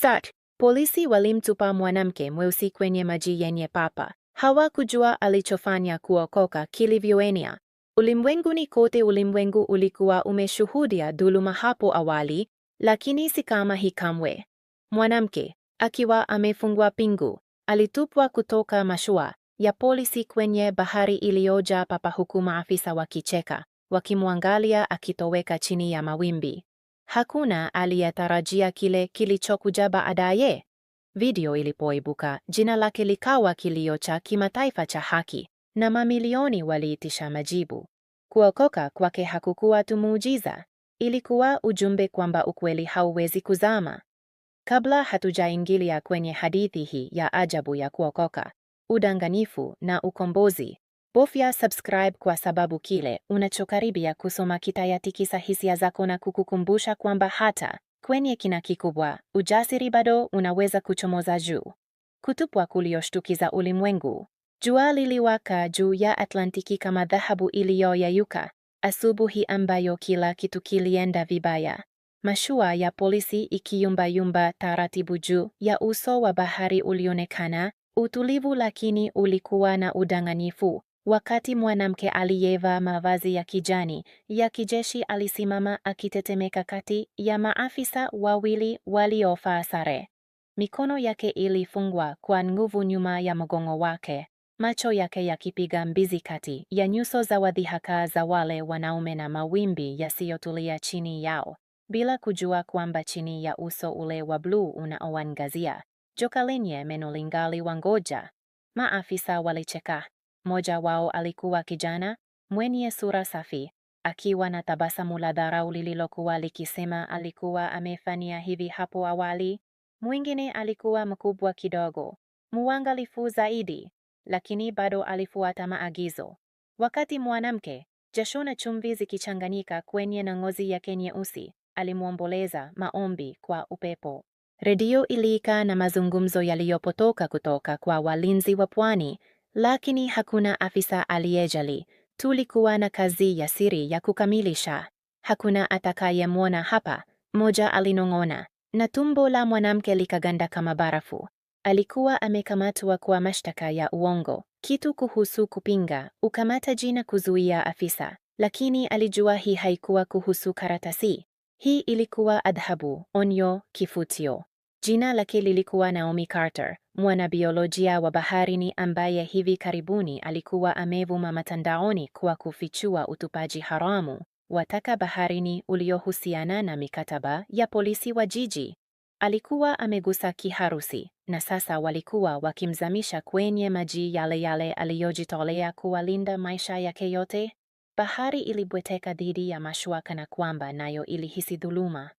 Start. Polisi walimtupa mwanamke mweusi kwenye maji yenye papa. Hawakujua alichofanya kuokoka kilivyoenea. Ulimwenguni kote, ulimwengu ulikuwa umeshuhudia dhuluma hapo awali, lakini si kama hii kamwe. Mwanamke akiwa amefungwa pingu alitupwa kutoka mashua ya polisi kwenye bahari iliyojaa papa, huku maafisa wakicheka, wakimwangalia akitoweka chini ya mawimbi. Hakuna aliyetarajia kile kilichokuja baadaye. Video ilipoibuka, jina lake likawa kilio cha kimataifa cha haki, na mamilioni waliitisha majibu. Kuokoka kwake hakukuwa tu muujiza, ilikuwa ujumbe kwamba ukweli hauwezi kuzama. Kabla hatujaingilia kwenye hadithi hii ya ajabu ya kuokoka, udanganifu na ukombozi, Bofya subscribe kwa sababu kile unachokaribia kusoma kitayatikisa hisia zako na kukukumbusha kwamba hata kwenye kina kikubwa ujasiri bado unaweza kuchomoza juu. Kutupwa kulioshtukiza ulimwengu. Jua liliwaka juu ya Atlantiki kama dhahabu iliyoyayuka, asubuhi ambayo kila kitu kilienda vibaya. Mashua ya polisi ikiyumbayumba taratibu juu ya uso wa bahari ulionekana utulivu, lakini ulikuwa na udanganyifu. Wakati mwanamke aliyevaa mavazi ya kijani ya kijeshi alisimama akitetemeka kati ya maafisa wawili waliofaa sare. Mikono yake ilifungwa kwa nguvu nyuma ya mgongo wake, macho yake yakipiga mbizi kati ya nyuso za wadhihaka za wale wanaume na mawimbi yasiyotulia chini yao, bila kujua kwamba chini ya uso ule wa bluu unaoangazia, joka lenye meno lingali wangoja. Maafisa walicheka mmoja wao alikuwa kijana mwenye sura safi, akiwa na tabasamu la dharau lililokuwa likisema alikuwa amefanya hivi hapo awali. Mwingine alikuwa mkubwa kidogo, muangalifu zaidi, lakini bado alifuata maagizo. Wakati mwanamke, jasho na chumvi zikichanganyika kwenye na ngozi yake nyeusi, alimwomboleza maombi kwa upepo. Redio iliika na mazungumzo yaliyopotoka kutoka kwa walinzi wa pwani lakini hakuna afisa aliyejali. Tulikuwa na kazi ya siri ya kukamilisha. Hakuna atakayemwona hapa, moja alinong'ona, na tumbo la mwanamke likaganda kama barafu. Alikuwa amekamatwa kwa mashtaka ya uongo, kitu kuhusu kupinga ukamataji na kuzuia afisa, lakini alijua hii haikuwa kuhusu karatasi. Hii ilikuwa adhabu, onyo, kifutio. Jina lake lilikuwa Naomi Carter, mwanabiolojia wa baharini ambaye hivi karibuni alikuwa amevuma matandaoni kwa kufichua utupaji haramu wa taka baharini uliohusiana na mikataba ya polisi wa jiji. Alikuwa amegusa kiharusi na sasa walikuwa wakimzamisha kwenye maji yale yale aliyojitolea kuwalinda maisha yake yote. Bahari ilibweteka dhidi ya mashua kana kwamba nayo ilihisi dhuluma.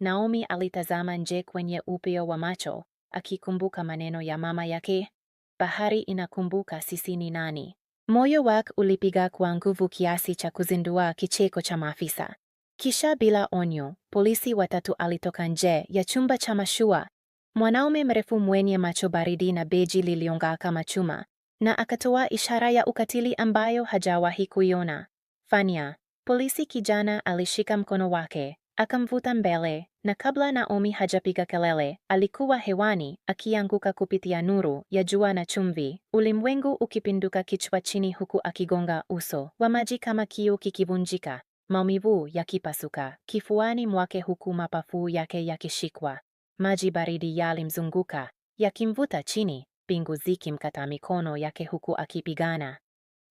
Naomi alitazama nje kwenye upeo wa macho, akikumbuka maneno ya mama yake, bahari inakumbuka sisi ni nani. Moyo wake ulipiga kwa nguvu kiasi cha kuzindua kicheko cha maafisa. Kisha bila onyo, polisi watatu alitoka nje ya chumba cha mashua. Mwanaume mrefu mwenye macho baridi na beji liliongaa kama chuma, na akatoa ishara ya ukatili ambayo hajawahi kuiona. Fania, polisi kijana alishika mkono wake, akamvuta mbele, na kabla Naomi hajapiga kelele, alikuwa hewani akianguka kupitia nuru ya jua na chumvi, ulimwengu ukipinduka kichwa chini, huku akigonga uso wa maji kama kiu kikivunjika, maumivu yakipasuka kifuani mwake, huku mapafu yake yakishikwa. Maji baridi yalimzunguka yakimvuta chini, pingu zikimkata mikono yake, huku akipigana.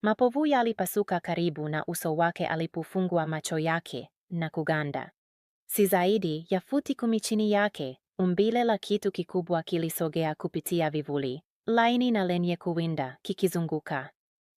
Mapovu yalipasuka karibu na uso wake alipofungua macho yake na kuganda si zaidi ya futi kumi chini yake, umbile la kitu kikubwa kilisogea kupitia vivuli, laini na lenye kuwinda, kikizunguka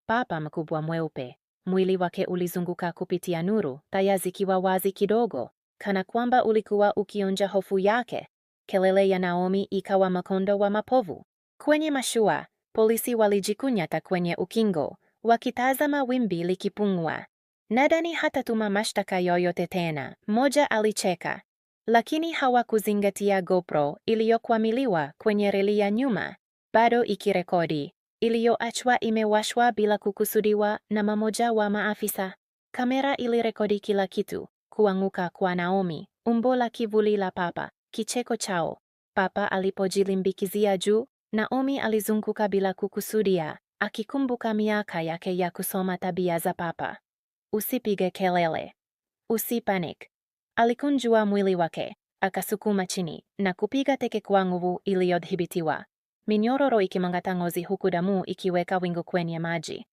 papa mkubwa mweupe. Mwili wake ulizunguka kupitia nuru, taya zikiwa wazi kidogo, kana kwamba ulikuwa ukionja hofu yake. Kelele ya Naomi ikawa makondo wa mapovu. Kwenye mashua, polisi walijikunyata kwenye ukingo, wakitazama wimbi likipungua hata hatatuma mashtaka yoyote tena, moja alicheka. Lakini hawakuzingatia GoPro iliyokwamiliwa kwenye reli ya nyuma, bado ikirekodi, iliyoachwa imewashwa bila kukusudiwa na mmoja wa maafisa. Kamera ilirekodi kila kitu, kuanguka kwa Naomi, umbo la kivuli la Papa, kicheko chao. Papa alipojilimbikizia juu, Naomi alizunguka bila kukusudia, akikumbuka miaka yake ya kusoma tabia za Papa. Usipige kelele, usipanik. Alikunjua mwili wake, akasukuma chini na kupiga teke kwa nguvu iliyodhibitiwa, minyororo ikimangata ngozi, huku damu ikiweka wingu kwenye maji.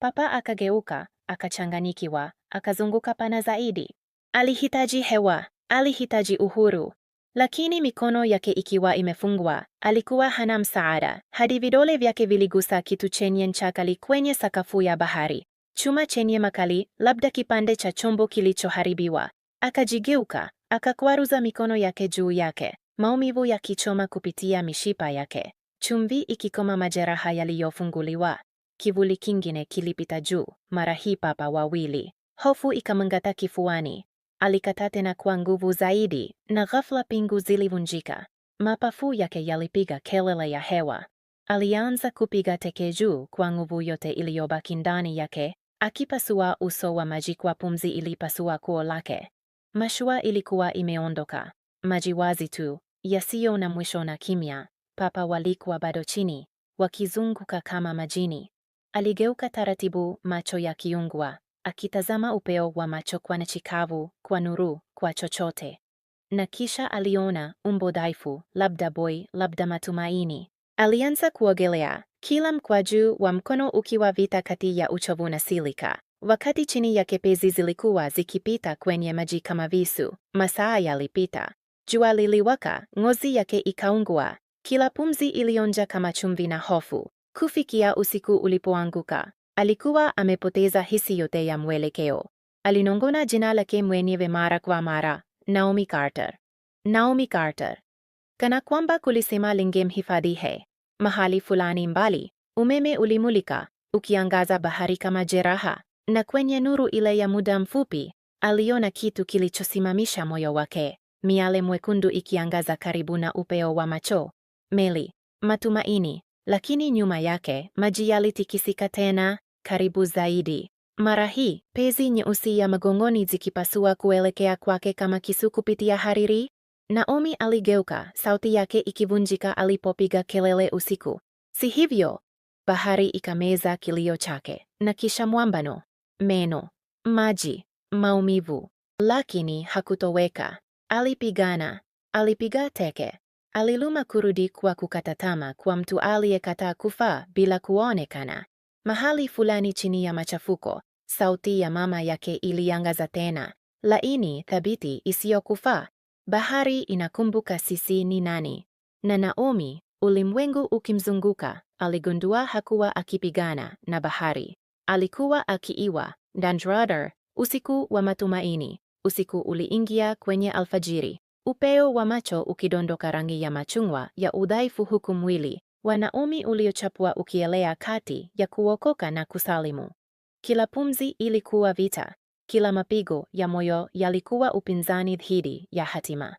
Papa akageuka, akachanganyikiwa, akazunguka pana zaidi. Alihitaji hewa, alihitaji uhuru, lakini mikono yake ikiwa imefungwa, alikuwa hana msaada, hadi vidole vyake viligusa kitu chenye ncha kali kwenye sakafu ya bahari chuma chenye makali, labda kipande cha chombo kilichoharibiwa. Akajigeuka, akakwaruza mikono yake juu yake, maumivu yakichoma kupitia mishipa yake, chumvi ikikoma majeraha yaliyofunguliwa. Kivuli kingine kilipita juu, mara hii papa wawili. Hofu ikamng'ata kifuani. Alikataa tena kwa nguvu zaidi, na ghafla pingu zilivunjika. Mapafu yake yalipiga kelele ya hewa. Alianza kupiga teke juu kwa nguvu yote iliyobaki ndani yake, Akipasua uso wa maji kwa pumzi ilipasua kuo lake. Mashua ilikuwa imeondoka, maji wazi tu, yasiyo na mwisho na kimya. Papa walikuwa bado chini, wakizunguka kama majini. Aligeuka taratibu, macho ya kiungwa akitazama upeo wa macho kwa nchi kavu, kwa nuru, kwa chochote. Na kisha aliona umbo dhaifu, labda boi, labda matumaini. Alianza kuogelea, kila mkwaju wa mkono ukiwa vita kati ya uchovu na silika, wakati chini ya kepezi zilikuwa zikipita kwenye maji kama visu. Masaa yalipita, jua liliwaka, ngozi yake ikaungua, kila pumzi ilionja kama chumvi na hofu. Kufikia usiku ulipoanguka, alikuwa amepoteza hisi yote ya mwelekeo. Alinongona jina lake mwenyewe mara kwa mara, Naomi Carter, Naomi Carter, kana kwamba kulisema lingemhifadhi he mahali fulani mbali, umeme ulimulika ukiangaza bahari kama jeraha, na kwenye nuru ile ya muda mfupi aliona kitu kilichosimamisha moyo wake, miale mwekundu ikiangaza karibu na upeo wa macho. Meli, matumaini. Lakini nyuma yake maji yalitikisika tena, karibu zaidi, mara hii pezi nyeusi ya magongoni zikipasua kuelekea kwake kama kisu kupitia hariri. Naomi aligeuka, sauti yake ikivunjika alipopiga kelele usiku. Si hivyo! Bahari ikameza kilio chake, na kisha mwambano, meno, maji, maumivu. Lakini hakutoweka. Alipigana, alipiga teke, aliluma kurudi kwa kukata tamaa kwa mtu aliyekataa kufa bila kuonekana. Mahali fulani chini ya machafuko, sauti ya mama yake iliangaza tena, laini, thabiti, isiyokufaa. Bahari inakumbuka sisi ni nani. Na Naomi, ulimwengu ukimzunguka, aligundua hakuwa akipigana na bahari. Alikuwa akiiwa Dandradar, usiku wa matumaini. Usiku uliingia kwenye alfajiri, upeo wa macho ukidondoka rangi ya machungwa ya udhaifu, huku mwili wa Naomi uliochapua ukielea kati ya kuokoka na kusalimu. Kila pumzi ilikuwa vita, kila mapigo ya moyo yalikuwa upinzani dhidi ya hatima.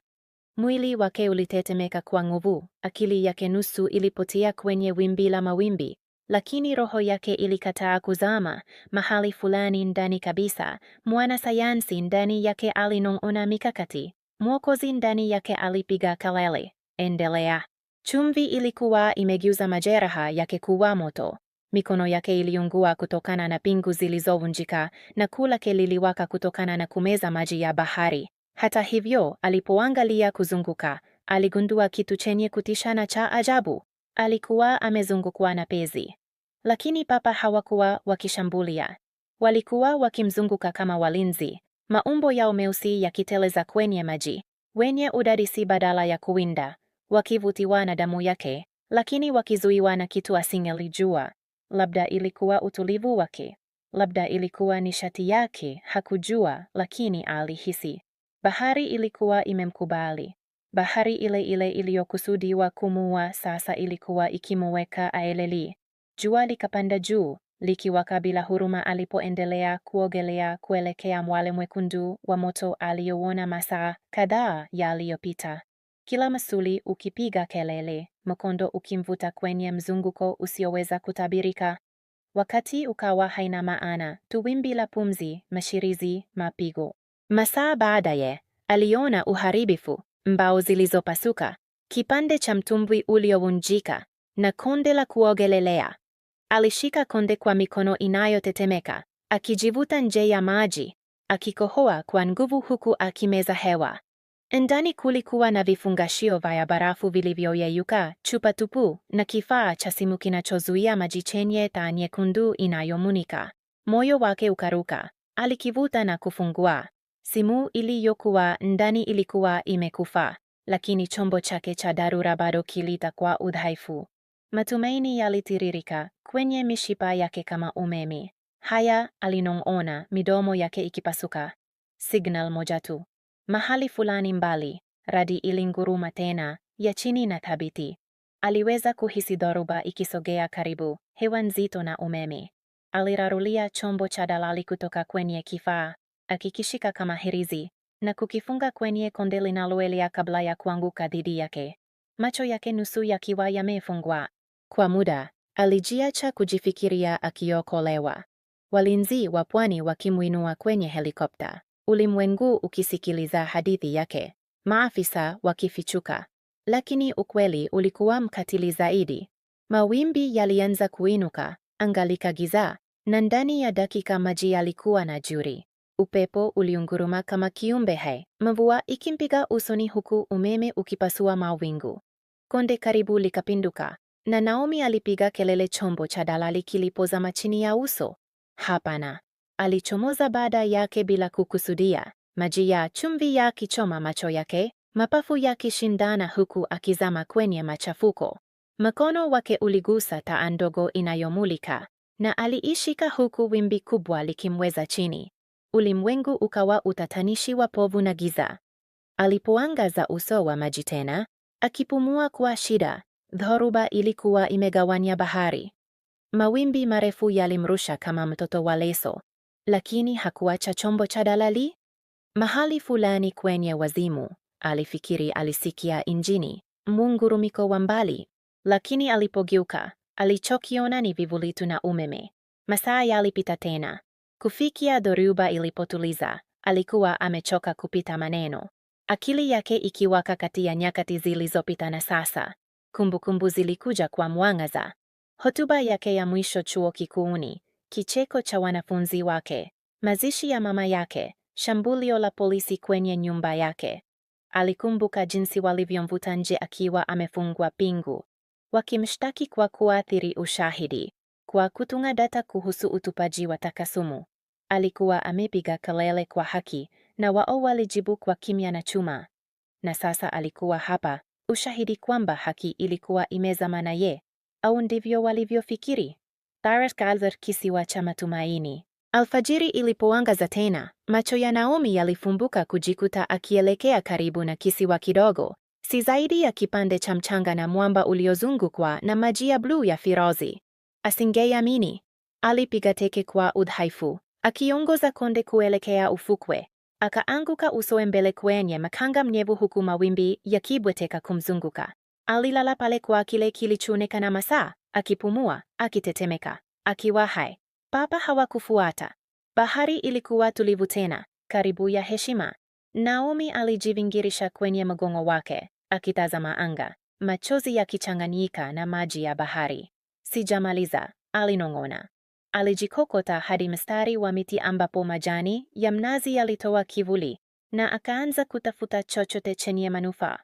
Mwili wake ulitetemeka kwa nguvu, akili yake nusu ilipotea kwenye wimbi la mawimbi, lakini roho yake ilikataa kuzama. Mahali fulani ndani kabisa, mwana sayansi ndani yake alinong'ona mikakati, mwokozi ndani yake alipiga kalele, endelea. Chumvi ilikuwa imegeuza majeraha yake kuwa moto, Mikono yake iliungua kutokana na pingu zilizovunjika na kula lake liliwaka kutokana na kumeza maji ya bahari. Hata hivyo, alipoangalia kuzunguka, aligundua kitu chenye kutishana cha ajabu. Alikuwa amezungukwa na pezi, lakini papa hawakuwa wakishambulia. Walikuwa wakimzunguka kama walinzi, maumbo yao meusi yakiteleza kwenye maji, wenye udadisi badala ya kuwinda, wakivutiwa na damu yake, lakini wakizuiwa na kitu asingelijua. Labda ilikuwa utulivu wake, labda ilikuwa nishati yake, hakujua, lakini alihisi bahari ilikuwa imemkubali. Bahari ile ile iliyokusudiwa kumua sasa ilikuwa ikimuweka aeleli. Jua likapanda juu likiwaka bila huruma alipoendelea kuogelea kuelekea mwale mwekundu wa moto aliyouona masaa kadhaa yaliyopita kila msuli ukipiga kelele, mkondo ukimvuta kwenye mzunguko usioweza kutabirika. Wakati ukawa haina maana, tu wimbi la pumzi, mashirizi, mapigo. Masaa baadaye aliona uharibifu, mbao zilizopasuka, kipande cha mtumbwi uliovunjika na konde la kuogelelea. Alishika konde kwa mikono inayotetemeka, akijivuta nje ya maji, akikohoa kwa nguvu huku akimeza hewa. Ndani kulikuwa na vifungashio vya barafu vilivyoyeyuka, chupa tupu na kifaa cha simu kinachozuia maji chenye taa nyekundu inayomunika. Moyo wake ukaruka. Alikivuta na kufungua. Simu iliyokuwa ndani ilikuwa imekufa, lakini chombo chake cha dharura bado kwa udhaifu. Matumaini yalitiririka kwenye mishipa yake kama umeme. Haya, alinong'ona, midomo yake ikipasuka. Signal moja tu. Mahali fulani mbali, radi ilinguruma tena, ya chini na thabiti. Aliweza kuhisi dhoruba ikisogea karibu, hewa nzito na umeme. Alirarulia chombo cha dalali kutoka kwenye kifaa, akikishika kama hirizi, na kukifunga kwenye konde linaloelea kabla ya kuanguka dhidi yake, macho yake nusu yakiwa yamefungwa. Kwa muda alijiacha kujifikiria akiokolewa, walinzi wa pwani wakimwinua kwenye helikopta ulimwengu ukisikiliza hadithi yake, maafisa wakifichuka. Lakini ukweli ulikuwa mkatili zaidi. Mawimbi yalianza kuinuka, anga likagizaa, na ndani ya dakika maji yalikuwa na juri Upepo uliunguruma kama kiumbe hai, mvua ikimpiga usoni, huku umeme ukipasua mawingu. Konde karibu likapinduka, na Naomi alipiga kelele, chombo cha dalali kilipozama chini ya uso. Hapana, alichomoza baada yake bila kukusudia, maji ya chumvi yakichoma macho yake, mapafu yakishindana huku akizama kwenye machafuko. Mkono wake uligusa taa ndogo inayomulika na aliishika huku wimbi kubwa likimweza chini. Ulimwengu ukawa utatanishi wa povu na giza. Alipoangaza uso wa maji tena, akipumua kwa shida, dhoruba ilikuwa imegawanya bahari. Mawimbi marefu yalimrusha kama mtoto wa leso, lakini hakuacha chombo cha dalali. Mahali fulani kwenye wazimu, alifikiri alisikia injini, mungurumiko wa mbali, lakini alipogeuka alichokiona ni vivuli tu na umeme. Masaa yalipita tena. Kufikia dhoruba ilipotuliza, alikuwa amechoka kupita maneno, akili yake ikiwaka kati ya nyakati zilizopita na sasa. Kumbukumbu zilikuja kwa mwangaza: hotuba yake ya mwisho chuo kikuuni, kicheko cha wanafunzi wake, mazishi ya mama yake, shambulio la polisi kwenye nyumba yake. Alikumbuka jinsi walivyomvuta nje akiwa amefungwa pingu, wakimshtaki kwa kuathiri ushahidi, kwa kutunga data kuhusu utupaji wa takasumu. Alikuwa amepiga kelele kwa haki na wao walijibu kwa kimya na chuma. Na sasa alikuwa hapa, ushahidi kwamba haki ilikuwa imezama ye, au ndivyo walivyofikiri. Baraskalver kisiwa cha matumaini. Alfajiri ilipoangaza tena, macho ya Naomi yalifumbuka kujikuta akielekea karibu na kisiwa kidogo, si zaidi ya kipande cha mchanga na mwamba uliozungukwa na maji ya bluu ya firozi. asingeyamini Alipiga teke kwa udhaifu, akiongoza konde kuelekea ufukwe. Akaanguka uso mbele kwenye makanga mnyevu huku mawimbi yakibweteka kumzunguka. Alilala pale kwa kile kilichoonekana masaa, akipumua, akitetemeka, akiwa hai. Papa hawakufuata. Bahari ilikuwa tulivu tena, karibu ya heshima. Naomi alijivingirisha kwenye mgongo wake, akitazama anga, machozi yakichanganyika na maji ya bahari. Sijamaliza, alinong'ona. Alijikokota hadi mstari wa miti ambapo majani ya mnazi yalitoa kivuli, na akaanza kutafuta chochote chenye manufaa.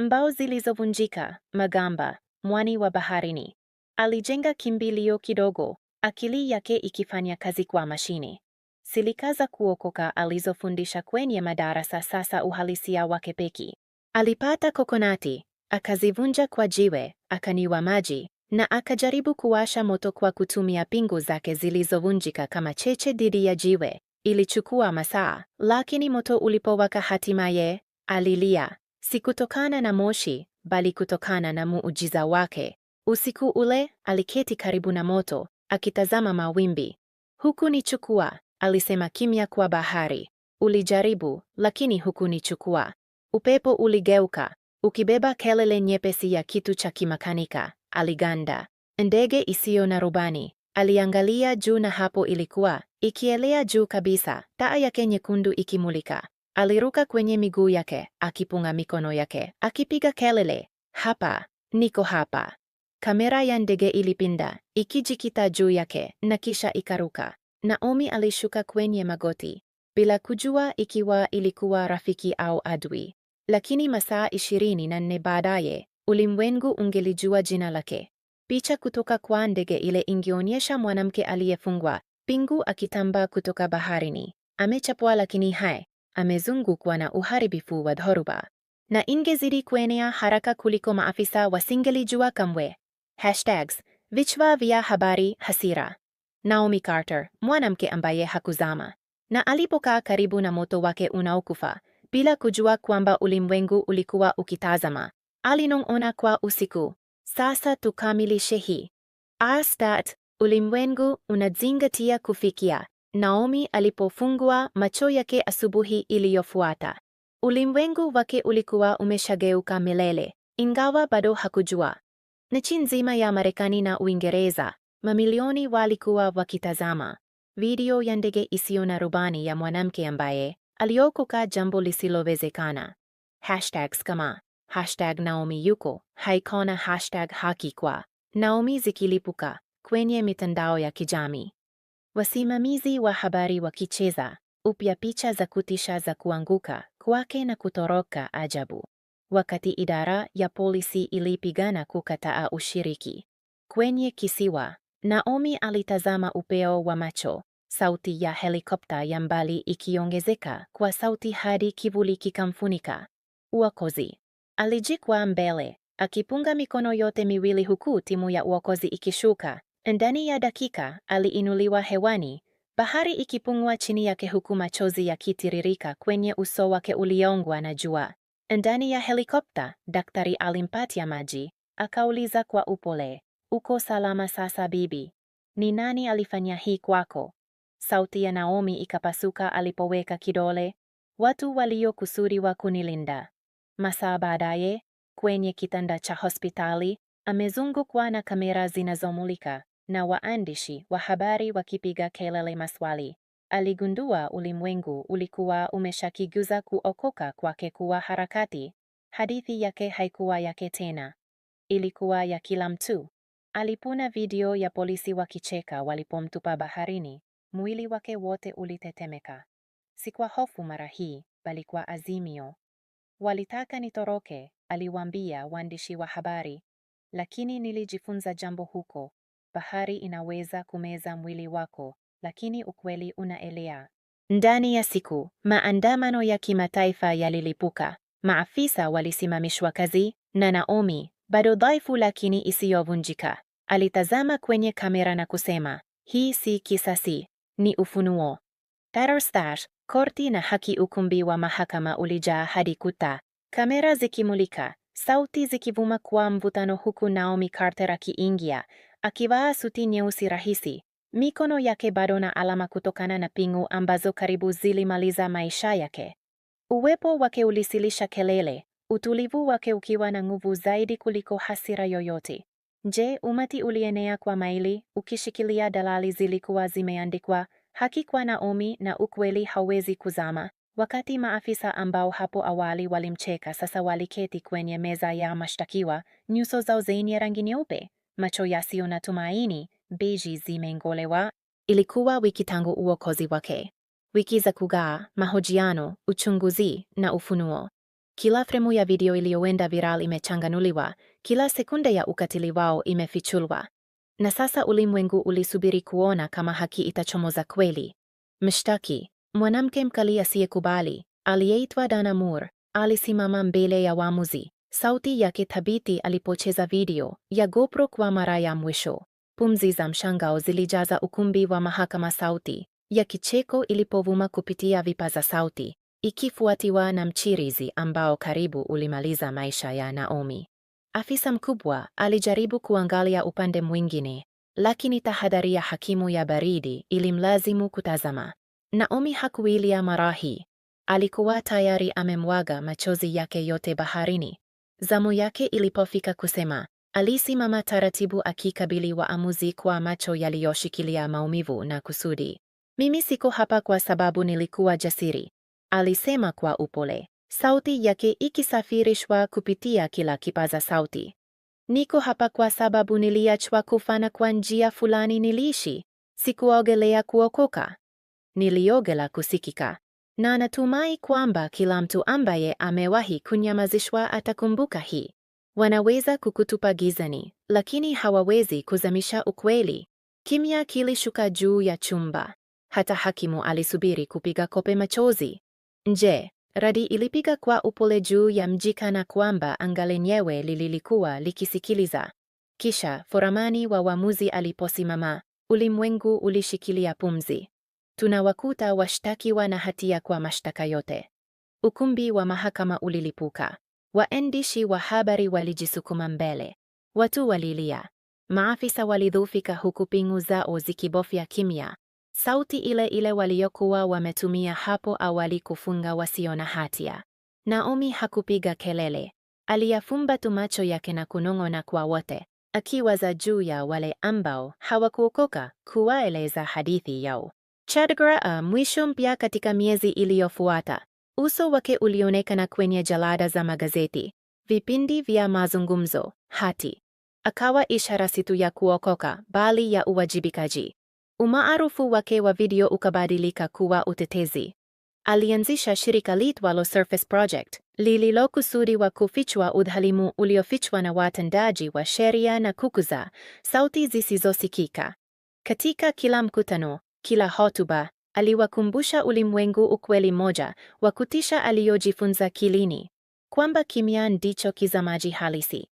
Mbao zilizovunjika, magamba, mwani wa baharini. Alijenga kimbilio kidogo, akili yake ikifanya kazi kwa mashine Silika za kuokoka alizofundisha kwenye madarasa sasa uhalisia wake peki. Alipata kokonati, akazivunja kwa jiwe, akaniwa maji na akajaribu kuwasha moto kwa kutumia pingu zake zilizovunjika kama cheche dhidi ya jiwe. Ilichukua masaa, lakini moto ulipowaka hatimaye, alilia si kutokana na moshi, bali kutokana na muujiza wake. Usiku ule aliketi karibu na moto akitazama mawimbi. Hukunichukua, alisema kimya kwa bahari. Ulijaribu, lakini hukunichukua. Upepo uligeuka ukibeba kelele nyepesi ya kitu cha kimakanika. Aliganda. Ndege isiyo na rubani. Aliangalia juu, na hapo ilikuwa ikielea juu kabisa, taa yake nyekundu ikimulika. Aliruka kwenye miguu yake, akipunga mikono yake, akipiga kelele, hapa niko hapa. Kamera ya ndege ilipinda ikijikita juu yake na kisha ikaruka. Naomi alishuka kwenye magoti bila kujua ikiwa ilikuwa rafiki au adui, lakini masaa ishirini na nne baadaye ulimwengu ungelijua jina lake. Picha kutoka kwa ndege ile ingeonyesha mwanamke aliyefungwa pingu akitambaa kutoka baharini, amechapwa lakini hai amezungukwa na uharibifu wa dhoruba na ingezidi kuenea haraka kuliko maafisa wasingelijua kamwe. Hashtags, vichwa vya habari: hasira, Naomi Carter, mwanamke ambaye hakuzama na alipokaa karibu na moto wake unaokufa bila kujua kwamba ulimwengu ulikuwa ukitazama, alinong'ona kwa usiku, sasa tukamilishe hii. Ulimwengu unazingatia kufikia Naomi alipofungua macho yake asubuhi iliyofuata, ulimwengu wake ulikuwa umeshageuka milele, ingawa bado hakujua. Nchi nzima ya Marekani na Uingereza, mamilioni walikuwa wakitazama video ya ndege isiyo na rubani ya mwanamke ambaye aliokoka jambo lisilowezekana. Hashtags kama hashtag Naomi yuko haikona hashtag haki kwa Naomi zikilipuka kwenye mitandao ya kijamii. Wasimamizi wa habari wakicheza upya picha za kutisha za kuanguka kwake na kutoroka ajabu, wakati idara ya polisi ilipigana kukataa ushiriki. Kwenye kisiwa, Naomi alitazama upeo wa macho, sauti ya helikopta ya mbali ikiongezeka kwa sauti hadi kivuli kikamfunika. Uokozi. Alijikwaa mbele, akipunga mikono yote miwili huku timu ya uokozi ikishuka, ndani ya dakika aliinuliwa hewani, bahari ikipungua chini yake huku machozi yakitiririka kwenye uso wake uliongwa na jua. Ndani ya helikopta, daktari alimpatia maji, akauliza kwa upole, uko salama sasa bibi? Ni nani alifanya hii kwako? Sauti ya Naomi ikapasuka alipoweka kidole. Watu waliokusudiwa kunilinda. Masaa baadaye, kwenye kitanda cha hospitali, amezungukwa na kamera zinazomulika na waandishi wa habari wakipiga kelele maswali. Aligundua ulimwengu ulikuwa umeshakiguza kuokoka kwake kuwa harakati. Hadithi yake haikuwa yake tena, ilikuwa ya kila mtu. Alipuna video ya polisi wakicheka walipomtupa baharini. Mwili wake wote ulitetemeka, si kwa hofu mara hii, bali kwa azimio. Walitaka nitoroke, aliwaambia waandishi wa habari, lakini nilijifunza jambo huko, bahari inaweza kumeza mwili wako, lakini ukweli unaelea. Ndani ya siku, maandamano ya kimataifa yalilipuka. Maafisa walisimamishwa kazi na Naomi, bado dhaifu lakini isiyovunjika, alitazama kwenye kamera na kusema, hii si kisasi, ni ufunuo. Tarostash, korti na haki. Ukumbi wa mahakama ulijaa hadi kuta, kamera zikimulika, sauti zikivuma kwa mvutano, huku Naomi Carter akiingia akivaa suti nyeusi rahisi, mikono yake bado na alama kutokana na pingu ambazo karibu zilimaliza maisha yake. Uwepo wake ulisilisha kelele, utulivu wake ukiwa na nguvu zaidi kuliko hasira yoyote. Je, umati ulienea kwa maili ukishikilia dalali zilikuwa zimeandikwa haki kwa Naomi na ukweli hauwezi kuzama. Wakati maafisa ambao hapo awali walimcheka sasa waliketi kwenye meza ya mashtakiwa, nyuso zao zenye rangi nyeupe macho yasiyo na tumaini, beji zimengolewa. Ilikuwa wiki tangu uokozi wake, wiki za kugaa, mahojiano, uchunguzi na ufunuo. Kila fremu ya video iliyoenda viral imechanganuliwa, kila sekunde ya ukatili wao imefichulwa, na sasa ulimwengu ulisubiri kuona kama haki itachomoza kweli. Mshtaki, mwanamke mkali asiyekubali aliyeitwa Dana Moore, alisimama mbele ya waamuzi sauti yake thabiti alipocheza video ya GoPro kwa mara ya mwisho. Pumzi za mshangao zilijaza ukumbi wa mahakama, sauti ya kicheko ilipovuma kupitia vipaza sauti, ikifuatiwa na mchirizi ambao karibu ulimaliza maisha ya Naomi. Afisa mkubwa alijaribu kuangalia upande mwingine, lakini tahadhari ya hakimu ya baridi ilimlazimu kutazama. Naomi hakuilia mara hii, alikuwa tayari amemwaga machozi yake yote baharini. Zamu yake ilipofika kusema, alisimama taratibu akikabili waamuzi kwa macho yaliyoshikilia maumivu na kusudi. Mimi siko hapa kwa sababu nilikuwa jasiri, alisema kwa upole, sauti yake ikisafirishwa kupitia kila kipaza sauti. Niko hapa kwa sababu niliachwa kufana kwa njia fulani niliishi. Sikuogelea kuokoka, niliogela kusikika na natumai kwamba kila mtu ambaye amewahi kunyamazishwa atakumbuka hii. Wanaweza kukutupa gizani, lakini hawawezi kuzamisha ukweli. Kimya kilishuka juu ya chumba. Hata hakimu alisubiri kupiga kope machozi. Nje, radi ilipiga kwa upole juu ya mji kana kwamba anga lenyewe lililikuwa likisikiliza. Kisha foramani wa wamuzi aliposimama, ulimwengu ulishikilia pumzi. Tunawakuta washtakiwa na hatia kwa mashtaka yote. Ukumbi wa mahakama ulilipuka. Waandishi wa habari walijisukuma mbele. Watu walilia. Maafisa walidhufika huku pingu zao zikibofya kimya. Sauti ile ile waliokuwa wametumia hapo awali kufunga wasio na hatia. Naomi hakupiga kelele. Aliyafumba tu macho yake na kunong'ona kwa wote, akiwaza juu ya wale ambao hawakuokoka kuwaeleza hadithi yao. Chadgrah uh, mwisho mpya katika miezi iliyofuata. Uso wake ulionekana kwenye jalada za magazeti, vipindi vya mazungumzo, hati. Akawa ishara si tu ya kuokoka, bali ya uwajibikaji. Umaarufu wake wa video ukabadilika kuwa utetezi. Alianzisha shirika lo Surface Project lililokusudiwa kufichwa udhalimu uliofichwa na watendaji wa sheria na kukuza sauti zisizosikika. Katika kila mkutano, kila hotuba aliwakumbusha ulimwengu ukweli moja wa kutisha aliyojifunza kilini, kwamba kimya ndicho kizamaji halisi.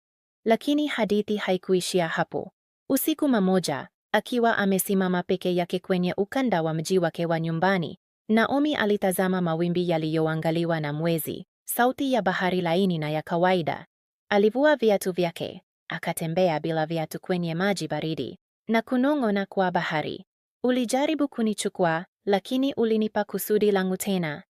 Lakini hadithi haikuishia hapo. Usiku mmoja, akiwa amesimama peke yake kwenye ukanda wa mji wake wa nyumbani, Naomi alitazama mawimbi yaliyoangaliwa na mwezi, sauti ya bahari laini na ya kawaida. Alivua viatu vyake, akatembea bila viatu kwenye maji baridi na kunong'ona kwa bahari, Ulijaribu kunichukua, lakini ulinipa kusudi langu tena.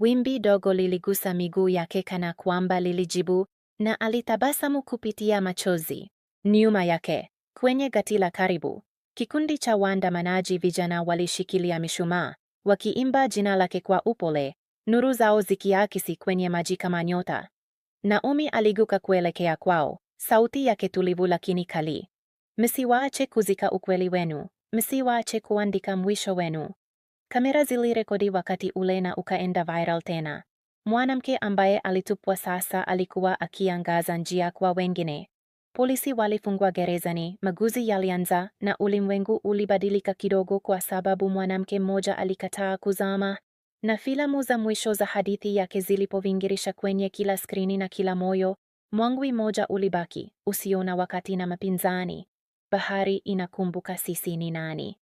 Wimbi dogo liligusa miguu yake kana kwamba lilijibu, na alitabasamu kupitia machozi. Nyuma yake, kwenye gati la karibu, kikundi cha waandamanaji vijana walishikilia mishumaa, wakiimba jina lake kwa upole, nuru zao zikiakisi kwenye maji kama nyota. Naomi aliguka kuelekea kwao, sauti yake tulivu lakini kali. Msiwaache kuzika ukweli wenu msiwaache kuandika mwisho wenu. Kamera zilirekodi wakati ule na ukaenda viral tena. Mwanamke ambaye alitupwa sasa alikuwa akiangaza njia kwa wengine. Polisi walifungwa gerezani, maguzi yalianza na ulimwengu ulibadilika kidogo, kwa sababu mwanamke mmoja alikataa kuzama, na filamu za mwisho za hadithi yake zilipovingirisha kwenye kila skrini na kila moyo, mwangwi moja ulibaki usiona wakati na mapinzani bahari inakumbuka sisi ni nani.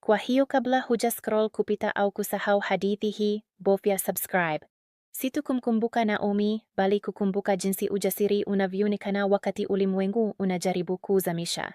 Kwa hiyo kabla huja scroll kupita au kusahau hadithi hii, bofya subscribe. Si tu kumkumbuka Naomi, bali kukumbuka jinsi ujasiri unavyoonekana wakati ulimwengu unajaribu kuuzamisha.